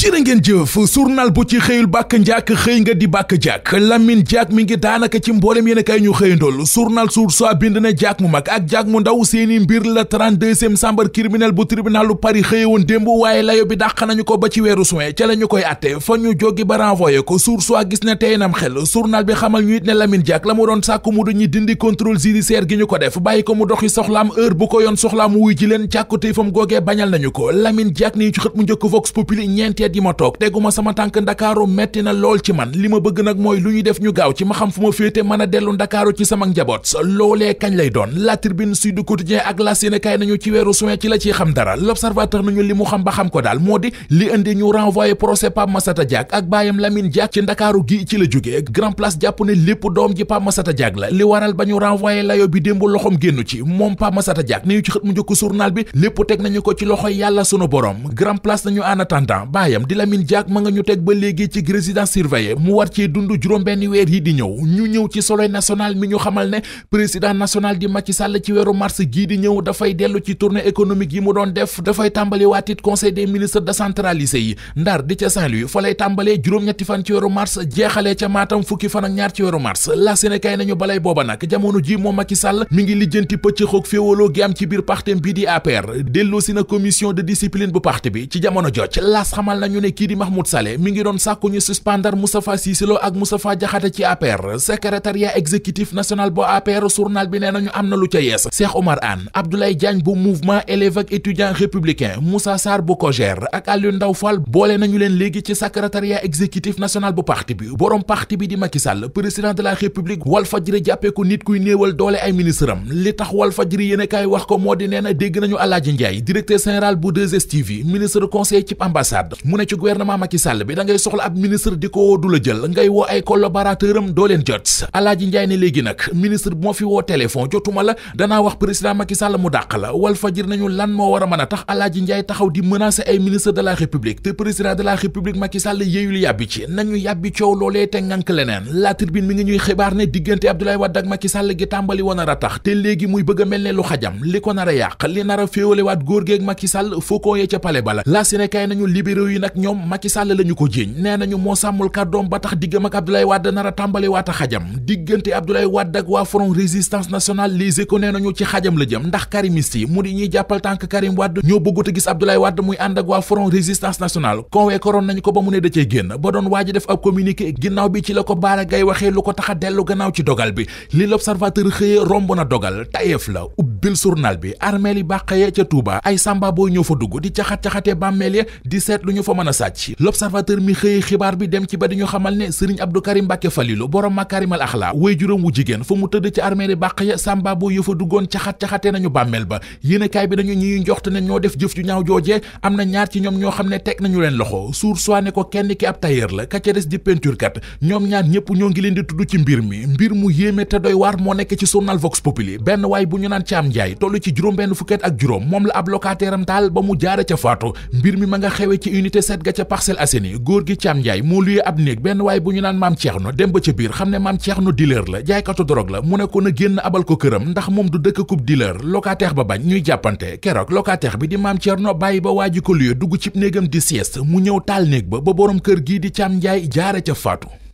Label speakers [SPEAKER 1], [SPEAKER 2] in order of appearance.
[SPEAKER 1] jërë ngeen jëf journal bu ci xëyul bàkk njàkk xëy nga di bàkk jàkk Lamine Diack mi ngi daanaka ci mboolem yéen a kay ñu xëyandool journal Source A bind na Diack mu mag ak Diack mu ndaw seeni mbir la 32e chambre criminelle bu tribunalu Paris xëyewoon démb waaye layo bi dàq nañu ko ba ci weeru juin ca la ñu koy atte fa ñu jógi ba ko Source gis na teyenam xel journal bi xamal ñu it ne Lamine Diack la mu doon sàkku mu du ñu dindi contrôle judiciaire gi ñu ko def bàyyi ko mu doxi soxlaam heure bu ko yoon soxlaam wuy ji leen càkkute fam googee bañal nañu ko Lamine Diack ni ci xët mu njëkk gi ma toog teguma sama tànk ndakaaru metti na lool ci man li ma bëgg nag mooy lu ñu def ñu gaaw ci ma xam fu ma féete mën a dellu ndakaaru ci sama njaboot loolee kañ lay doon la tribune sud quotidien ak la séné kaay nañu ci weeru suwe ci la ciy xam dara l'observateur nañu li mu xam ba xam ko daal moo di li indi ñu renvoyé procès Pape Massata Diack ak baayam Lamine Diack ci ndakaaru gi ci la jóge grand place jàpp ne lépp doom ji Pape Massata Diack la li waral ba ñu renvoyé layo bi démb loxom génnu ci moom Pape Massata Diack nañu ci xët mu njëkk journal bi lépp teg nañu ko ci loxoy yàlla sunu borom grand place nañu en attendant baayam yam di Lamine Diack ma nga ñu teg ba léegi ci résidence surveillée mu war cee dund juróom-benn weer yi di ñëw ñu ñëw ci Soleil national mi ñu xamal ne président national di Macky Sall ci weeru mars gii di ñëw dafay dellu ci tournée économique yi mu doon def dafay tàmbali waatit conseil des ministres décentralisé yi ndar di ca Saint-Louis fa lay tàmbalee juróom-ñetti fan ci weeru mars jeexalee ca Matam fukki fan ak ñaar ci weeru mars la Sénégal nañu balay booba nag jamono ji moom Sall mi ngi lijjanti pëcc xoog féewaloo gi biir partem bii di APR delloo si na commission de discipline bu parti bi ci jamono jooc las xamal na ñu ne kii di Mahmoud Saleh mi ngi doon sàkku ñu suspendre Moustapha Cissé Lo ak Moustapha Diakhaté ci APR secrétariat exécutif national bu APR journal bi nee nañu am na lu ca yees Cheikh Omar Anne Abdoulaye Diagne bu mouvement élèves ak étudiants républicains Moussa Sarr bu COJER ak Aliou Ndaw Fall boole nañu leen léegi ci secrétariat exécutif national bu parti bi borom parti bi di Macky Sall président de la République Walfadjri jàppee ko nit kuy néewal doole ay ministre am li tax Walfadjri yéen a kaay wax ko moo di nee na dégg nañu Alaaji Ndiaye directeur général bu 2STV ministre da ngay soxla ab ministre di ko woo du nañu a a yàbbi coow loolee te ngànk leneen la tribune mi ngi ñuy xibaar ne diggante Abdoulaye Wade ak Macky Sall gi tàmbali woon a ratax te léegi muy bëgg a mel ne lu xajam li ko nar a yàq li nar a féewalewaat góor geeg Macky Sall foo koo yee ca pale bala la ñoom Macky Sall la ñu ko jéeñ nee nañu moo sàmmul kàddoom ba tax diggam ak Abdoulaye Wade nar a tàmbali waat a xajam diggante Abdoulaye Wade ak waa Front Résistance Nationale Les Échos nee nañu ci xajam la jëm ndax karimiste yi mu di ñuy jàppal tànk Karim Wade ñoo bëggut a gis Abdoulaye Wade muy ànd ak waa Front Résistance Nationale conwee koroon nañu ko ba mu ne da cee génn ba doon waaji def ab communiqué ginnaaw bi ci la ko baara gay waxee lu ko tax a dellu gannaaw ci dogal bi li l'observateur xëyee romb na dogal tayeef la ubbil journal bi armeel yi bàqaye ca Touba ay samba booy ñoo fa dugg di caxat-caxatee bàmmeel ya di seet lu ñu fa mën a sàcc l'observateur mi xëye xibaar bi dem ci ba di ñu xamal ne Serigne Abdou Karim Mbàkke Falilu borom makaarimal axlaa way juróom wu jigéen fa mu tëdd ci armeel yi bàqaye samba booy yoo fa duggoon caxat-caxatee nañu bàmmeel ba yéenekaay bi nañu ñi njoxte ne ñoo def jëf ju ñaaw joojee am na ñaar ci ñoom ñoo xam ne teg nañu leen loxo su soit ko kenn ki ab tailleur la ka ca ñoom ñaar ñëpp ñoo ngi leen di tudd ci mbir mi mbir mu yéeme te doy waar moo nekk ci journal Vox Populi benn waay bu ñu naan ci am Ndiaye toll ci juróom benn fukket ak juróom moom la ab locataire am taal ba mu jaara ca faatu mbir mi ma nga xewe ci unité 7 ga ca Parcelles Assainies góor gi Thiam Ndiaye moo luyee ab néeg benn waaye bu ñu naan maam Thierno dem ba ca biir xam ne maam Thierno dealer la jaaykatu drogue la mu ne ko na génn abal ko këram ndax moom du dëkk kub dealer locataire ba bañ ñuy jàppante keroog locataire bi di maam Thierno bàyyi ba waaji ko luyee dugg cib néegam di sieste mu ñëw taal néeg ba ba boroom kër gii di Thiam Ndiaye jaare ca faatu